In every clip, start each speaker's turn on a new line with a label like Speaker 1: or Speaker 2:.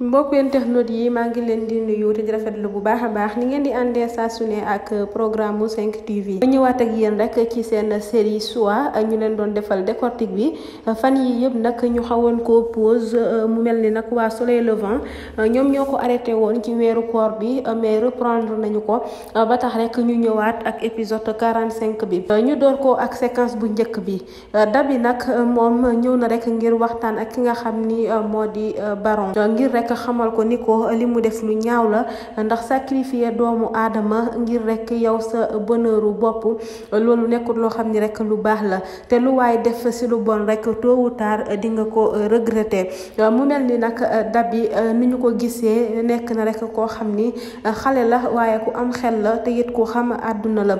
Speaker 1: mbokk internautes yi maa ngi leen di nuyu te di rafetlu bu baax a baax ni ngeen di àndee saa su ne ak programme mu 5 TV ba ñëwaat ak yéen rek ci seen série Soie ñu leen doon defal décortique bi fan yi yëpp nag ñu xawoon ko pause mu mel ni nag waa Soleil ñoom ñoo ko arrêté woon ci weeru koor bi mais reprendre nañu ko ba tax rek ñu ñëwaat ak épisode 45 bi ñu door ko ak séquence bu njëkk bi dabi nag moom ñëw na rek ngir waxtaan ak ki nga xam ni moo di baron ngir rek rek xamal ko ni ko li mu def lu ñaaw la ndax sacrifier doomu aadama ngir rek yow sa bonheuru bopp loolu nekkul loo xam rek lu baax la te lu waaye def si lu bon rek tôt ou tard di nga ko regretter mu mel ni nag dabi ni ñu ko gisee nekk na rek koo xam ni xale la waaye ku am xel la te it ku xam àdduna la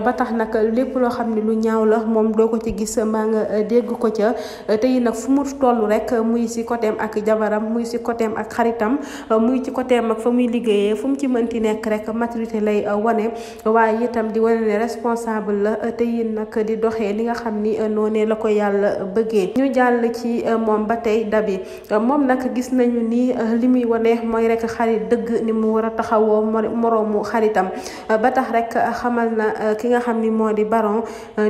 Speaker 1: ba tax nag lépp loo xam lu ñaaw la moom doo ko ci gis mbaa nga dégg ko ca te yi fu mu toll rek muy si côté ak jabaram muy si côté ak ak xaritam muy ci côté mag fa muy liggéeye fu mu ci mënti nekk rek maturité lay uh, wane waaye itam di wane ne responsable la uh, te yéen nag di doxee li nga xam ni uh, noonee la ko yàlla bëggee ñu jàll ci moom ba tey dabi moom nag gis nañu ni li muy wane mooy rek xarit dëgg ni mu war a taxawoo moroomu xaritam ba tax rek xamal na ki nga xam ni moo di baron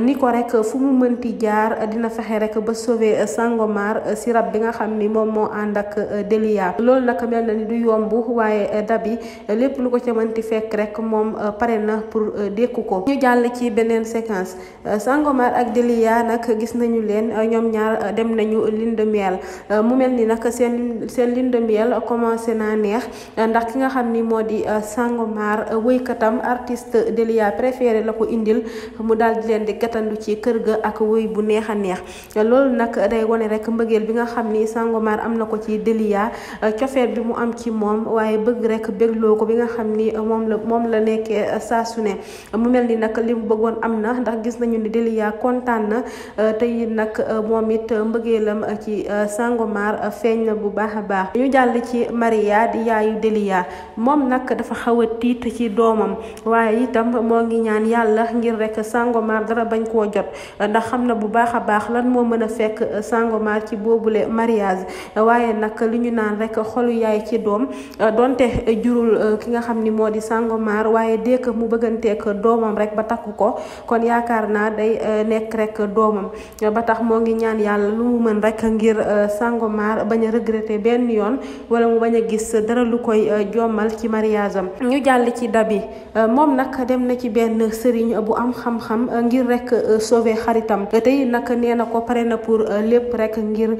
Speaker 1: ni ko rek fu mu mënti jaar dina fexe rek ba sauver Sangomar si rab bi nga xam ni moom moo ànd ak Delia loolu nag mel na ni du yomb waaye eh, dabi eh, lépp lu ko ca mënti fekk rek moom eh, pare na pour dékku ko ñu jàll ci beneen séquence Sangomar ak Delia nag gis nañu leen ñoom ñaar dem nañu lune de miel mu mel ni nag seen seen lune de miel commencé naa neex ndax ki nga xam ni moo di Sangomar wëykatam artist Delia préféré la ko indil mu daal di leen di gàttandu ci kër ga ak wëy bu neex a neex loolu nag day wone rek mbëggeel bi nga xam ni Sangomar am na ko ci délia cofeet bi mu am ci moom waaye bëgg rek bégloo ko bi nga xam ni moom la moom la nekkee euh, saa su ne mu mel ni nag li mu bëggoon am na ndax gis nañu ni Delia kontaan na euh, tey it nag euh, moom it mbëggeelam ci Sangomar feeñ na bu baax a baax ñu jàll ci Maria di yaayu Delia moom nag dafa xaw a tiit ci doomam waaye itam moo ngi ñaan yàlla ngir rek Sangomar dara bañ koo jot ndax xam na bu baax a baax lan moo mën a fekk Sangomar ci boobule mariage waaye nag li ñu naan rek xolu yaay ci doom euh, donte euh, jurul euh, ki nga xam ni moo di Sangomar waaye dëkk mu bëgganteeg doomam rek ba takku ko kon yaakaar naa day nekk rek doomam ba tax moo ngi ñaan yàlla lu mu mën rek ngir Sangomar bañ a regretter benn yoon wala mu bañ a gis dara lu koy jommal ci mariage am ñu jàll ci dabi moom nag dem na ci benn sëriñ bu am xam-xam ngir rek sauver xaritam tey nag nee na ko pare na pour lépp rek ngir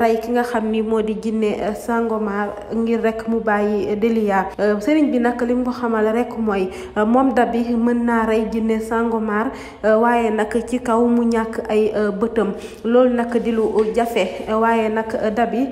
Speaker 1: rey ki nga xam ni moo di jinne Sangomar format ngir rek mu bàyyi Delia euh, sëriñ bi nag li mu ko xamal rek mooy euh, moom dabi mën naa rey jinne Sangomar euh, waaye nag ci kaw mu ñàkk ay bëtam loolu nag di lu jafe waaye nag dabi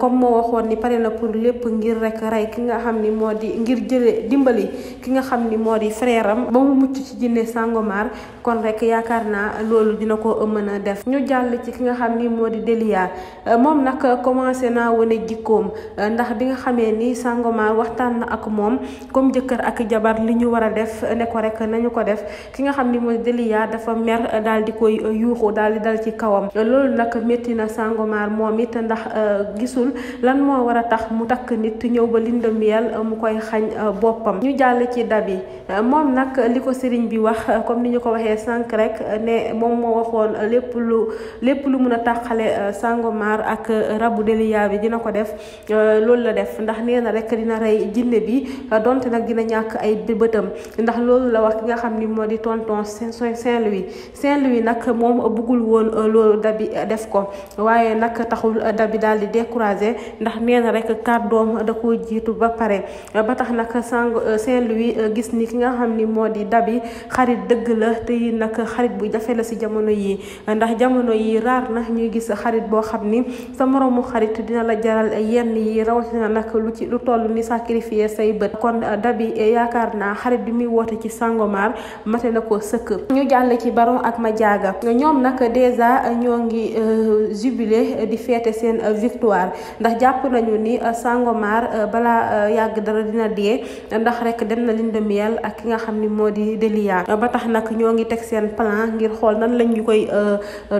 Speaker 1: comme moo waxoon ni pare na pour lépp ngir rek rey ki nga xam ni moo di ngir jële dimbali ki nga xam ni moo di frère am ba mu mucc ci jinne Sangomar kon rek yaakaar naa loolu dina ko mën a def ñu jàll ci ki nga xam ni moo di Delia moom nag commencé naa wane jikkoom ndax bi nga xamee ni Sangomar waxtaan na ak moom comme jëkkër ak jabar li ñu war a def ne ko rek nañu ko def ki nga xam ni mooy Delia dafa mer daal di koy yuuxu daal di dal ci kawam loolu nag métti na Sangomar moom it ndax euh, gisul lan moo war a tax mu takk nit ñëw ba lindam yel mu koy xañ euh, boppam ñu jàll ci dabi moom nag li ko sëriñ bi wax comme ni ñu ko waxee sànq rek ne moom moo waxoon lépp lu lépp lu mun a tàqale euh, Sangomar ak rabu Delia bi dina ko def loolu la def ndax nee na rek dina rey jinne bi donte nag dina ñàkk ay bëtam ndax loolu la wax ki nga xam ni moo di tonton Saint-Louis Saint-Louis nag moom bëggul woon euh, loolu dabi euh, def ko waaye nag taxul euh, dabi daal di découragé ndax nee na rek kàddoom da koo jiitu ba pare ba tax nag sang Saint-Louis gis ni ki nga xam ni moo di dabi xarit dëgg la te yi nag xarit bu jafe la si jamono yii ndax jamono yi raar na ñuy gis xarit boo xam ni sa moroomu xarit dina la jaral yenn yi rawatina nag lu ci lu toll ni sacrifier say bët kon euh, dabi yaakaar naa xarit bi muy woote ci Sangomar mate na ko sëkk ñu jàll ci baron ak ma Madiaga ñoom nag dèjà ñoo ngi euh, jubilé di feete seen euh, victoire ndax jàpp nañu ni Sangomar balaa yàgg dara dina dee ndax rek dem na lune de miel ak ki nga xam ni moo di Delia ba tax nag ñoo ngi teg seen plan ngir xool nan lañ ñu koy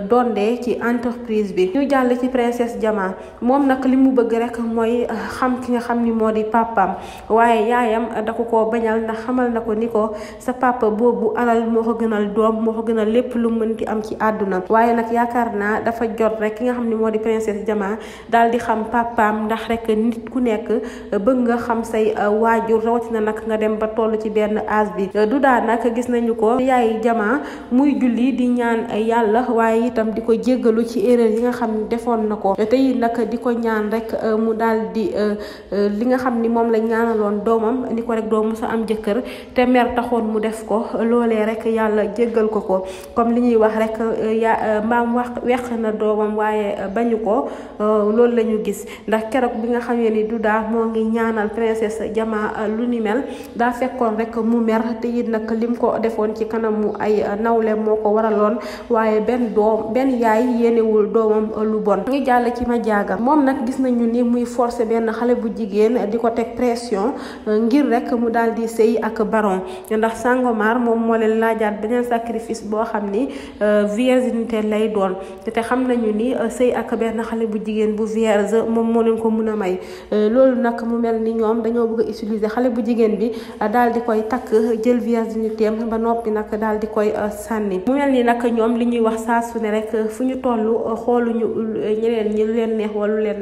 Speaker 1: dondee ci entreprise bi ñu jàll ci princesse Diama moom nag li mu bëgg rek mooy mooy eh, xam ki nga xam ni moo di papaam waaye yaayam eh, da ko koo bañal ndax xamal na ko ni ko sa papa boobu alal moo ko gënal doom moo ko gënal lépp lu mën di am ci àdduna waaye nag yaakaar naa dafa jot rek ki nga xam ni moo di princesse Diama daal di xam papaam ndax rek nit ku nekk eh, bëgg nga xam say waajur rawatina nag nga dem ba toll ci benn âge bi du daa nag gis nañu ko yaay Diama muy julli di ñaan yàlla waaye itam di ko jéggalu ci erreur yi nga xam ni defoon na ko tey nag di ko ñaan rek mu daal daal di euh, euh, li nga xam ni moom la ñaanaloon doomam ni ko rek doo mës a am jëkkër te mer taxoon mu def ko loolee rek yàlla jéggal ko ko comme li ñuy wax rek euh, ya mbaam wax weq na doomam waaye bañu ko loolu la ñu gis ndax keroog bi nga xamee ni Duda moo ngi ñaanal princesse Diama lu ni mel daa fekkoon rek mu mer te it nag lim ko defoon ci kanam mu ay nawle moo ko waraloon waaye benn doom benn yaay yéenewul doomam lu bon. ngi jàll ci ma jaaga moom nag gis nañu forcé benn xale bu jigéen di ko teg pression euh, ngir rek mu daal di sëy ak baron ndax Sangomar moom moo leen laajaat beneen sacrifice boo xam ni euh, virginité lay doon te xam nañu ni euh, sëy ak benn xale bu jigéen bu vierge moom moo leen ko mun a may loolu nag mu mel ni ñoom dañoo bëgg a utiliser xale bu jigéen bi daal di koy takk jël virginité ba noppi nag daal di koy sànni mu mel ni nag ñoom li ñuy wax saa su ne rek fu ñu toll xooluñu ñeneen ñi lu leen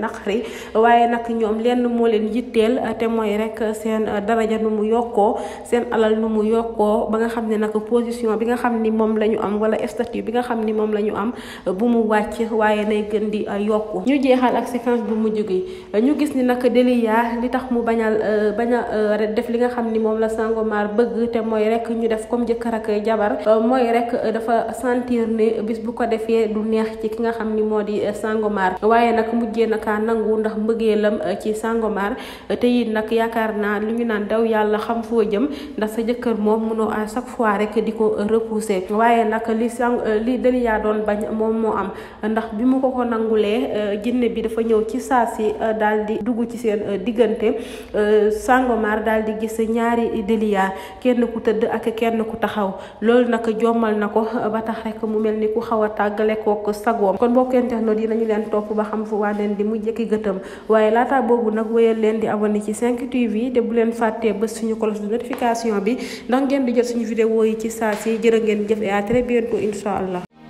Speaker 1: neex waye nak ñom lenn mo leen yittel té moy rek seen daraja nu mu yokko seen alal nu mu yokko ba nga xam nak position bi nga xam mom lañu am wala statut bi nga xam mom lañu am bu mu wacc waye nay gën di uh, yokku ñu jéxal ak séquence bu mujj gi ñu gis ni nak Delia li tax mu bañal uh, baña uh, def li nga xam mom la Sangomar bëgg té moy rek ñu def comme jëkkër ak jabar moy rek dafa sentir ne bis bu ko défé du neex ci ki nga xam modi di Sangomar waye nak mujjé nak nangu ndax mbëgé mbëggeelam eh, ci Sangomar eh, te it nag yaakaar naa lu ñu naan daw yàlla xam foo jëm ndax sa jëkkër moom mënoo à chaque fois rek di ko eh, repousser waaye nag li sang li Delia doon bañ moom moo am ndax bi mu ko ko nangulee jinne bi dafa ñëw ci saa si daal di dugg ci seen diggante Sangomar daal di gis ñaari Delia kenn ku tëdd ak kenn ku taxaw loolu nag jommal na ko ba tax rek mu mel ni ku xaw a tàggale kook sagoom kon bokkente no di leen topp ba xam fu waa leen di mu jëkki gëtëm waaye waaye laata boobu nag wéyal leen di abonné ci 5 TV te bu leen fàttee ba suñu cloche de notification bi ndax ngeen di jël suñu vidéo yi ci saa si jërë ngeen jëf et à très bientôt incha allah.